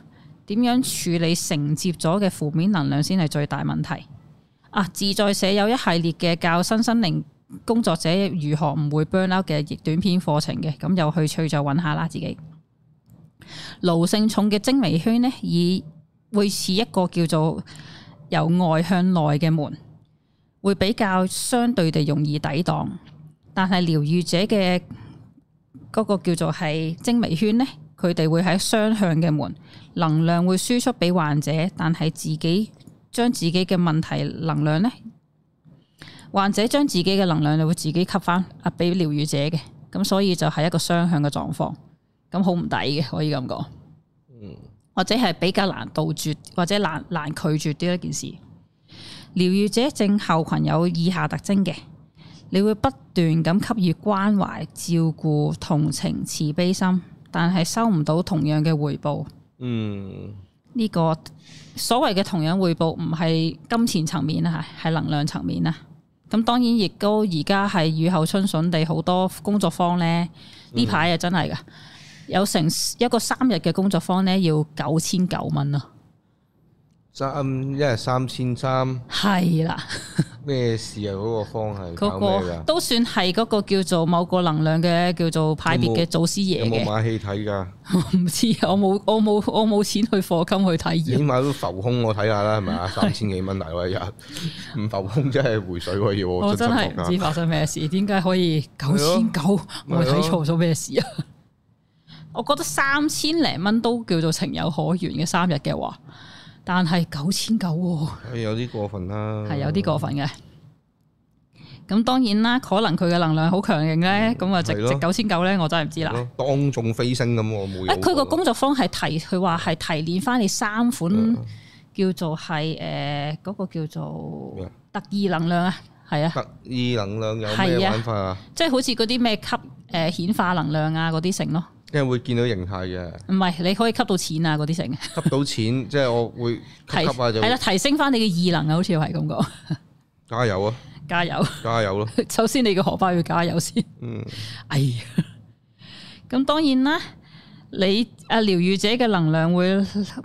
點樣處理承接咗嘅負面能量先係最大問題。啊！自在社有一系列嘅教身心靈工作者如何唔會 burn out 嘅短篇課程嘅，咁有興趣就揾下啦自己。勞性重嘅精微圈呢，以會似一個叫做由外向內嘅門，會比較相對地容易抵擋。但係療愈者嘅嗰個叫做係精微圈呢，佢哋會喺雙向嘅門，能量會輸出俾患者，但係自己。將自己嘅問題能量呢，患者將自己嘅能量就會自己吸翻啊，俾療癒者嘅，咁所以就係一個雙向嘅狀況，咁好唔抵嘅，可以咁講。嗯，或者係比較難杜絕，或者難難拒絕啲一件事。療癒者症候群有以下特徵嘅，你會不斷咁給予關懷、照顧、同情、慈悲心，但係收唔到同樣嘅回報。嗯。呢個所謂嘅同樣匯報唔係金錢層面啊，係能量層面啊。咁當然亦都而家係雨後春筍地，好多工作坊呢，呢排啊真係噶，有成一個三日嘅工作坊呢要九千九蚊咯。
一係三千三，
係啦的。
咩事啊？嗰、嗰個方係嗰個都
算係嗰個叫做某個能量嘅叫做派別嘅祖師爺。有冇買戲睇噶？我唔知，我冇，我冇，我冇錢去課金去睇。起碼
都浮空，我睇下啦，係咪啊？的三千幾蚊大嗰一日，唔 <laughs> 浮空真係回水喎！要 <laughs> 我真係唔知發
生咩事，點解 <laughs> 可以九千九？的我睇錯咗咩事啊？的我覺得三千零蚊都叫做情有可原嘅三日嘅話。但係九千九喎，
有啲過分啦，係有啲過
分嘅。咁當然啦，可能佢嘅能量好強勁咧，咁啊、嗯、值的值九千九咧，我真係唔知啦。
當眾飛升咁我
冇。日。佢個工作方係提，佢話係提煉返你三款的叫做係誒嗰個叫做特異能量啊，係
啊，特異能量有咩玩法
啊？的的即係好似嗰啲咩吸誒顯化能量啊嗰啲成咯。
即係會見到形態嘅，
唔係你可以吸到錢啊！嗰啲成吸
到錢，即係我會吸啊，就係，係啦，提
升翻你嘅異能啊！好似又係咁講，
加油啊！加油，加油咯！
<laughs> 首先你嘅荷包要加油先，嗯，哎呀，咁當然啦，你啊療癒者嘅能量會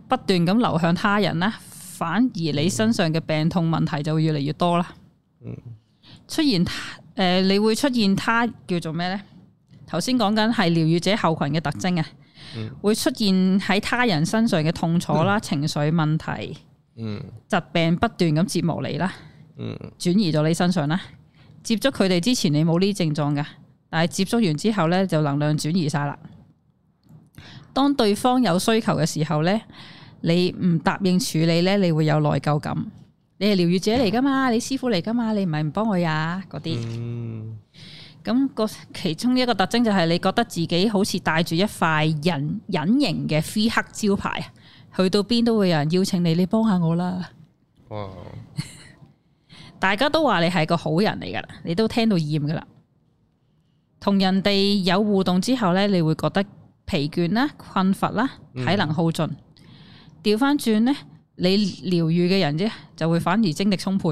不斷咁流向他人啦，反而你身上嘅病痛問題就會越嚟越多啦，嗯、出現，誒、呃，你會出現，他叫做咩咧？頭先講緊係療癒者候群嘅特徵啊，嗯、會出現喺他人身上嘅痛楚啦、嗯、情緒問題、嗯、疾病不斷咁折磨你啦，轉、嗯、移到你身上啦。接觸佢哋之前你冇呢啲症狀嘅，但係接觸完之後呢，就能量轉移晒啦。當對方有需求嘅時候呢，你唔答應處理呢，你會有內疚感。你係療癒者嚟噶嘛，你師傅嚟噶嘛，你唔係唔幫佢呀嗰啲。咁個其中一個特徵就係你覺得自己好似帶住一塊隱隱形嘅黑招牌，去到邊都會有人邀請你，你幫下我啦。
哇
<laughs> 大家都話你係個好人嚟㗎啦，你都聽到厭㗎啦。同人哋有互動之後呢，你會覺得疲倦啦、困乏啦、體能耗盡。調翻轉呢，你療癒嘅人啫，就會反而精力充沛。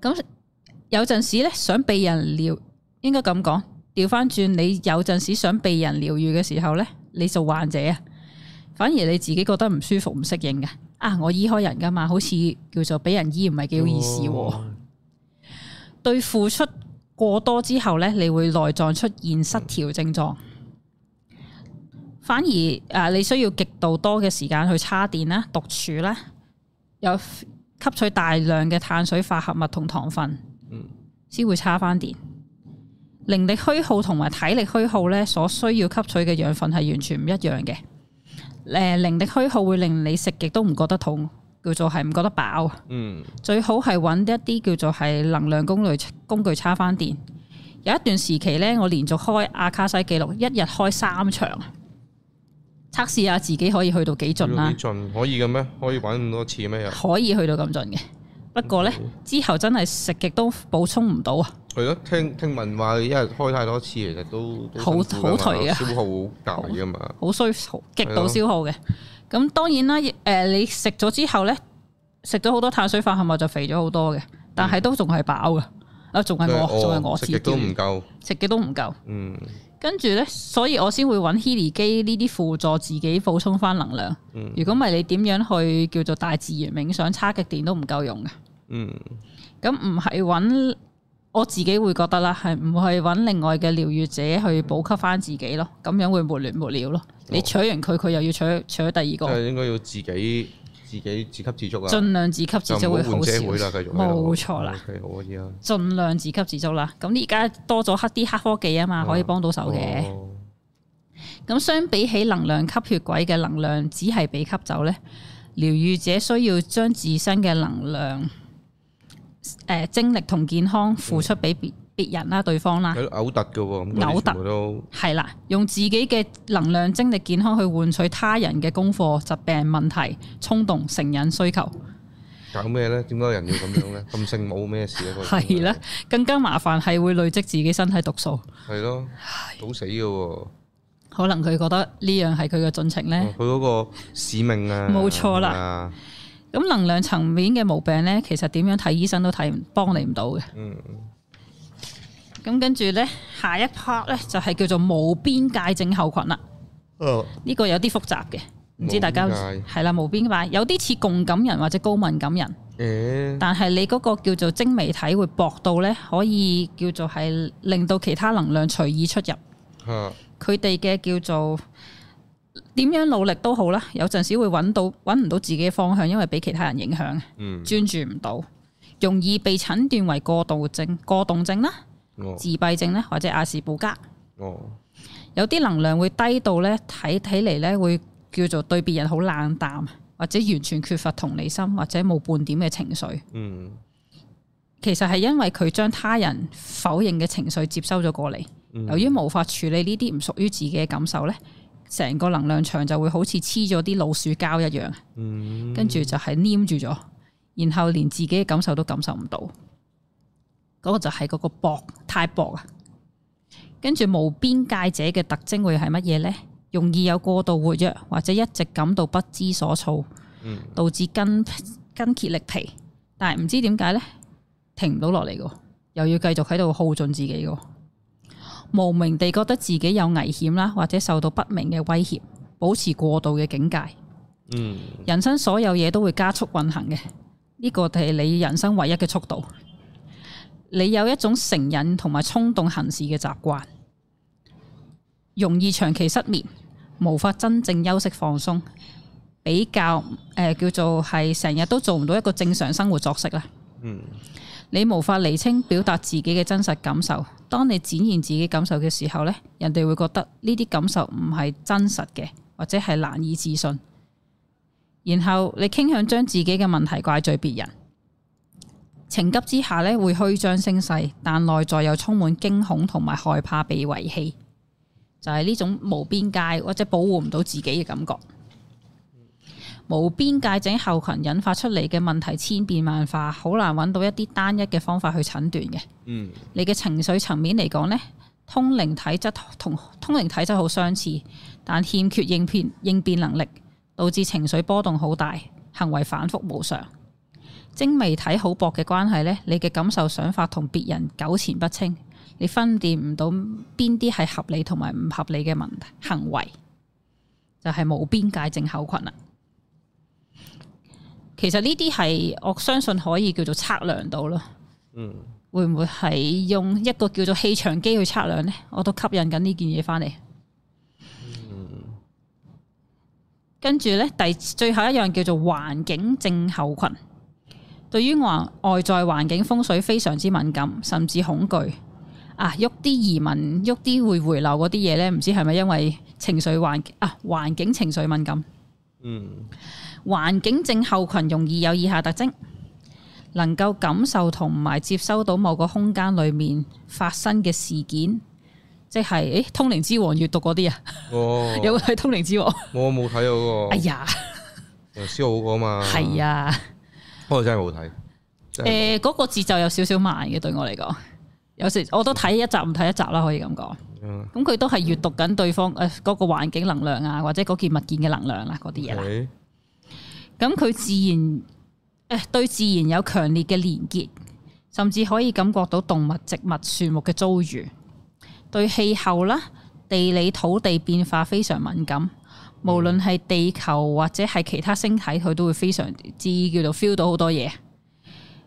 咁、嗯。有陣時咧，想被人療，應該咁講，調翻轉，你有陣時想被人療癒嘅時候咧，你做患者啊，反而你自己覺得唔舒服、唔適應嘅啊，我醫開人噶嘛，好似叫做俾人醫唔係幾好意思。對付出過多之後咧，你會內臟出現失調症狀，反而誒，你需要極度多嘅時間去叉電，啦、獨處啦，又吸取大量嘅碳水化合物同糖分。嗯，先會叉返電，靈力虛耗同埋體力虛耗咧，所需要吸取嘅養分係完全唔一樣嘅。誒、呃，靈力虛耗會令你食極都唔覺得痛，叫做係唔覺得飽。嗯，最好係揾一啲叫做係能量工具工具，叉返電。有一段時期咧，我連續開阿卡西記錄，一日開三場，測試下自己可以去到幾盡啦、啊。
盡可以嘅咩？可以玩咁多次咩？可
以去到咁盡嘅。不過咧，之後真係食極都補充唔
到啊！係咯，聽聽聞話一日開太多次，其實都好好頹啊！消耗好大噶嘛，
好衰，好極度消耗嘅。咁的當然啦，誒、呃，你食咗之後咧，食咗好多碳水化合物，就肥咗好多嘅，但係都仲係飽噶，啊、嗯，仲係我，仲係以我食極都唔夠，食極都唔夠。夠嗯，跟住咧，所以我先會搵 Heli 機呢啲輔助自己補充翻能量。如果唔係，你點樣去叫做大自然冥想，叉極電都唔夠用嘅。嗯，咁唔係揾我自己會覺得啦，係唔係揾另外嘅療愈者去補給翻自己咯？咁樣會沒亂沒了咯。你取完佢，佢又要取取第二個。即係、哦就是、
應該要自己自己自給自足啊。盡量自給自足、啊、會好啲。冇錯啦。嗯、okay，可
以啦。盡量自給自足啦。咁而家多咗黑啲黑科技啊嘛，可以幫到手嘅。咁、哦哦、相比起能量吸血鬼嘅能量只係被吸走咧，療愈者需要將自身嘅能量。誒，精力同健康付出俾別別人啦，啊，對方啦，啊，佢
嘔突嘅喎，嘔突都
係，啊 <laughs> 嗯，啦，用自己嘅能量、精力、健康去換取他人嘅功課、疾病、問題、衝動、成人需求，
搞咩咧？點解人要咁樣咧？咁 <laughs> 性冇咩事咧，啊？係
啦，更加麻煩係會累積自己身體毒素，
係咯，好死嘅，啊，
可能佢覺得呢樣係佢嘅進程咧，佢
嗰個使命啊，冇錯啦。
咁能量層面嘅毛病呢，其實點樣睇醫生都睇唔幫你唔到嘅。咁、嗯、跟住呢，下一 part 呢就係、是、叫做無邊界症候群啦。呢、啊、個有啲複雜嘅，唔知大家係啦無邊界，界，有啲似共感人或者高敏感人。
欸、但
係你嗰個叫做精微體會薄到呢，可以叫做係令到其他能量隨意出入。佢哋嘅叫做。點樣努力都好啦，有陣時會揾到揾唔到自己嘅方向，因為俾其他人影響，專、嗯、注唔到，容易被診斷為過度症、過動症咧、自閉症咧或者阿斯伯加。哦，有啲能量會低到呢，睇起嚟呢，會叫做對別人好冷淡，或者完全缺乏同理心，或者冇半點嘅情緒。嗯、其實係因為佢將他人否認嘅情緒接收咗過嚟，由於無法處理呢啲唔屬於自己嘅感受呢。成個能量場就會好似黐咗啲老鼠膠一樣，跟住、嗯、就係黏住咗，然後連自己嘅感受都感受唔到，嗰、嗰個就係嗰個薄太薄啊！跟住無邊界者嘅特徵會係乜嘢呢？容易有過度活躍或者一直感到不知所措，導致筋筋竭力疲，但係唔知點解呢，停唔到落嚟嘅，又要繼續喺度耗盡自己嘅。無名地覺得自己有危險啦，或者受到不明嘅威脅，保持過度嘅警戒。嗯，人生所有嘢都會加速運行嘅，呢個係你人生唯一嘅速度。你有一種成癮同埋衝動行事嘅習慣，容易長期失眠，無法真正休息放鬆，比較誒、呃、叫做係成日都做唔到一個正常生活作息咧。嗯。你無法釐清表達自己嘅真實感受，當你展現自己感受嘅時候呢，人哋會覺得呢啲感受唔係真實嘅，或者係難以置信。然後你傾向將自己嘅問題怪罪別人，情急之下呢，會虛張聲勢，但內在又充滿驚恐同埋害怕被遺棄，就係呢種無邊界或者保護唔到自己嘅感覺。無邊界症候群引發出嚟嘅問題千變萬化，好難揾到一啲單一嘅方法去診斷嘅。嗯，你嘅情緒層面嚟講呢，通靈體質同通靈體質好相似，但欠缺應變應變能力，導致情緒波動好大，行為反覆無常。精微體好薄嘅關係呢，你嘅感受想法同別人糾纏不清，你分辨唔到邊啲係合理同埋唔合理嘅問題行為，就係、是、無邊界症候群啊！其實呢啲係我相信可以叫做測量到咯，
嗯，
會唔會係用一個叫做氣場機去測量呢？我都吸引緊呢件嘢翻嚟，跟住呢，第最後一樣叫做環境症候群，對於外外在環境風水非常之敏感，甚至恐懼啊！喐啲移民，喐啲會回流嗰啲嘢呢，唔知係咪因為情緒環啊環境情緒敏感？嗯，環境症候群容易有以下特徵：能夠感受同埋接收到某個空間裏面發生嘅事件，即係誒、欸，通靈之王閱讀嗰啲啊，
哦、 <laughs> 有冇睇通靈之王？我冇睇嗰個，哎呀，又燒好過嘛，係 <laughs> 啊，不過真係冇睇，
誒，嗰、欸欸、個節奏有少少慢嘅，對我嚟講，有時我都睇一集唔睇一集啦，可以咁講。咁佢都係閱讀緊對方誒，嗰、呃嗰個環境能量啊，或者嗰件物件嘅能量啊。嗰啲嘢啦。咁佢是自然誒、呃、對自然有強烈嘅連結，甚至可以感覺到動物、植物、樹木嘅遭遇。對氣候啦、地理、土地變化非常敏感。無論係地球或者係其他星體，佢都會非常之叫做 feel 到好多嘢。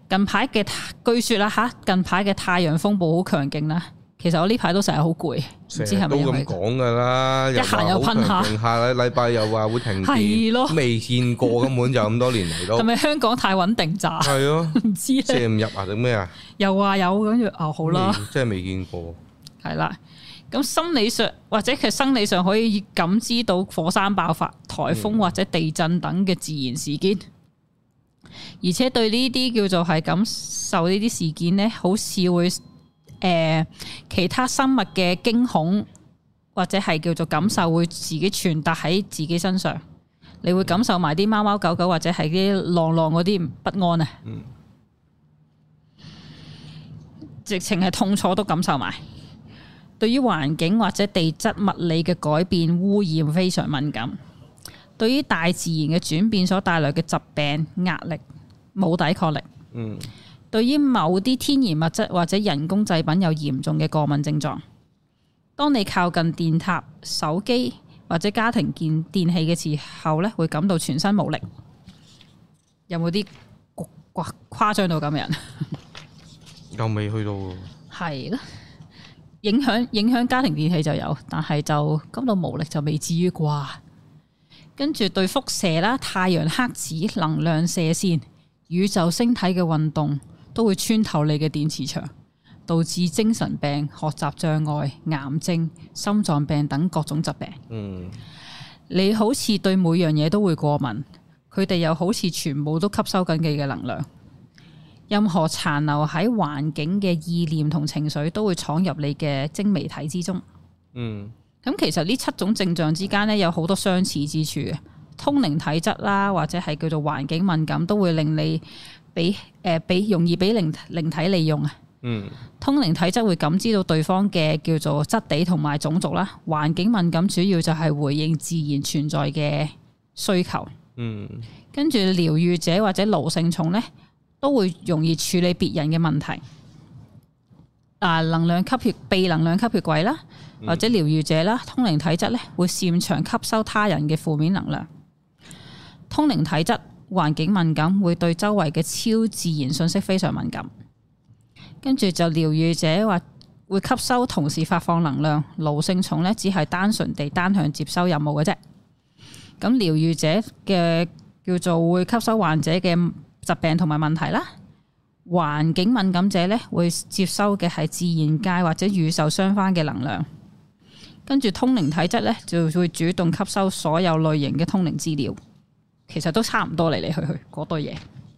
近排嘅據說啦吓，近排嘅太陽風暴好強勁啦。其實我呢排都成日好攰，都咁
講噶啦，一行噴一下又噴下，下禮拜又話會停，係咯，未見過 <laughs> 根本就咁多年嚟都。係咪
香港太穩定咋？係咯的，唔知射唔
入啊定咩啊？
又話有，跟住哦好啦，
即係未見過。
係啦，咁心理上或者其實生理上可以感知到火山爆發、颱風或者地震等嘅自然事件，嗯、而且對呢啲叫做係感受呢啲事件咧，好似會。誒，其他生物嘅驚恐或者係叫做感受，會自己傳達喺自己身上。你會感受埋啲貓貓狗狗或者係啲浪浪嗰啲不安啊！嗯，直情係痛楚都感受埋。對於環境或者地質物理嘅改變、污染非常敏感。對於大自然嘅轉變所帶來嘅疾病、壓力，冇抵抗力。嗯。對於某啲天然物質或者人工製品有嚴重嘅過敏症狀，當你靠近電塔、手機或者家庭電電器嘅時候咧，會感到全身無力。有冇啲誇張到咁嘅人？
又未去到喎。
係咯，影響影響家庭電器就有，但係就感到無力就未至於啩。跟住對輻射啦、太陽黑子、能量射線、宇宙星體嘅運動。都會穿透你嘅電磁場，導致精神病、學習障礙、癌症、心臟病等各種疾病。嗯，你好似對每樣嘢都會過敏，佢哋又好似全部都吸收緊你嘅能量。任何殘留喺環境嘅意念同情緒都會闖入你嘅精微體之中。嗯，咁其實呢七種症狀之間呢，有好多相似之處嘅，通靈體質啦，或者係叫做環境敏感，都會令你。俾誒俾容易俾靈靈體利用啊！嗯，通靈體質會感知到對方嘅叫做質地同埋種族啦，環境敏感主要就係回應自然存在嘅需求。嗯，跟住療癒者或者奴性重咧，都會容易處理別人嘅問題。嗱，能量吸血被能量吸血鬼啦，或者療癒者啦，通靈體質咧會擅長吸收他人嘅負面能量。通靈體質。環境敏感會對周圍嘅超自然信息非常敏感，跟住就療癒者話會吸收同時發放能量，路性虫呢只係單純地單向接收任務嘅啫。咁療癒者嘅叫做會吸收患者嘅疾病同埋問題啦，環境敏感者呢會接收嘅係自然界或者與受相關嘅能量，跟住通靈體質呢就會主動吸收所有類型嘅通靈資料。其實都差唔多嚟嚟去去嗰堆嘢。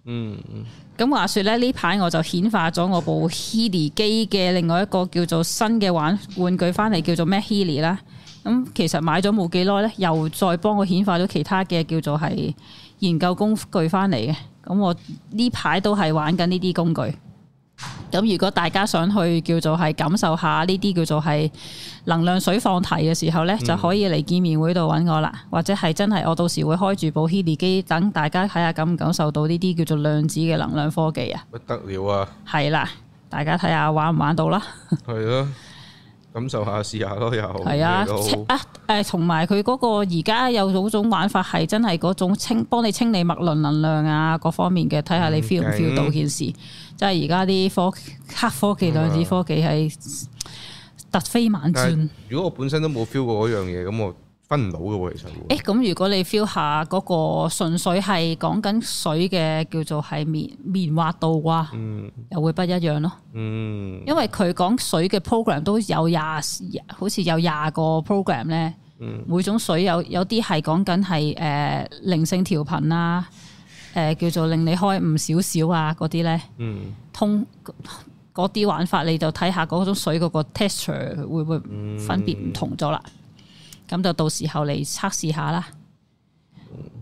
嗯嗯。咁話說咧，呢排我就顯化咗我部 Healy 機嘅另外一個叫做新嘅玩玩具翻嚟，叫做咩 Healy 啦。咁其實買咗冇幾耐咧，又再幫我顯化咗其他嘅叫做係研究工具翻嚟嘅。咁我呢排都係玩緊呢啲工具。咁如果大家想去叫做係感受下呢啲叫做係能量水放題嘅時候呢，嗯、就可以嚟見面會度揾我啦，或者係真係我到時會開住部 Healy 機，等大家睇下感唔感受到呢啲叫做量子嘅能量科技啊！不得了啊！係啦，大家睇下玩唔玩到啦？
係 <laughs> 咯、啊，感受下試下咯又係啊！
誒，同埋佢嗰個而家有嗰種玩法係真係嗰種清幫你清理脈輪能量啊，各方面嘅睇下你 feel 唔 feel 到件事。即係而家啲科黑科技量子科技係突飛猛進。嗯、
如果我本身都冇 feel 過嗰樣嘢，咁我分唔到嘅喎，其實。誒、欸，
咁如果你 feel 下嗰個純粹係講緊水嘅叫做係綿綿滑度啩，嗯、又會不一樣咯。嗯。因為佢講水嘅 program 都有廿好似有廿個 program 咧，嗯、每種水有有啲係講緊係誒靈性調頻啊。誒、呃、叫做令你開悟少少啊，嗰啲咧，嗯、通嗰啲玩法你就睇下嗰種水嗰個 texture 會唔會分別唔同咗啦？咁、嗯、就到時候嚟測試下啦。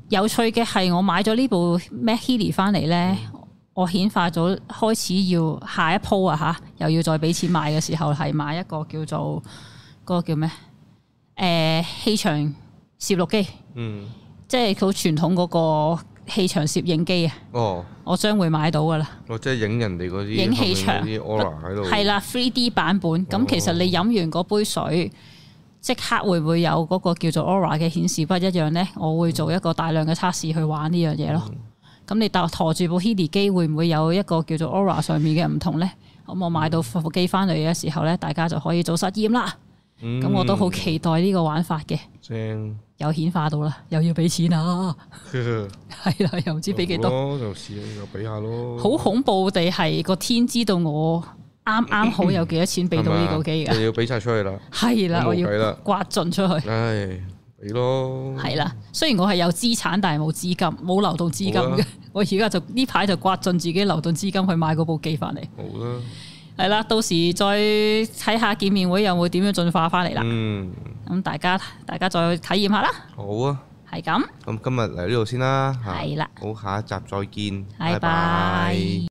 有趣嘅係我買咗呢部 MacHeli 翻嚟咧，嗯、我顯化咗開始要下一鋪啊，嚇又要再俾錢買嘅時候係買一個叫做嗰、嗰個叫咩誒、呃、氣場攝錄機，
嗯、
即係好傳統嗰、嗰個，氣場攝影機啊！哦，我將會買到噶啦。
我、哦、即係影人哋嗰啲影氣場啲 aura 喺度。係啦
，three D 版本咁，哦、其實你飲完嗰杯水，即刻會唔會有嗰個叫做 aura 嘅顯示不一樣咧？我會做一個大量嘅測試去玩呢樣嘢咯。咁、嗯、你搭陀住部 Hedy 機，會唔會有一個叫做 aura 上面嘅唔同咧？咁、嗯、我買到機翻嚟嘅時候咧，大家就可以做實驗啦。
咁、嗯、我都好期
待呢個玩法嘅，正有顯化到啦，又要俾錢啦，係啦、啊， <laughs> 又唔知俾幾多，
就試又俾下咯。好恐
怖地係個天知道我啱啱好有幾多錢俾到呢個機㗎！你
要俾晒出去啦，係啦的，我要刮盡出去，係俾咯。係啦，
雖然我係有資產，但係冇資金，冇流動資金嘅。吧我而家就呢排就刮盡自己流動資金去買嗰部機翻嚟，好啦。係啦，到時再睇下見面會又會點樣進化翻嚟啦。
嗯，
咁大家大家再體驗下啦。好啊，係咁。
咁今日嚟呢度先啦。係啦，好，下一集再見。拜拜 bye。Bye
bye